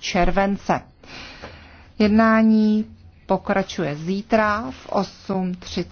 července. Jednání pokračuje zítra v 8.30.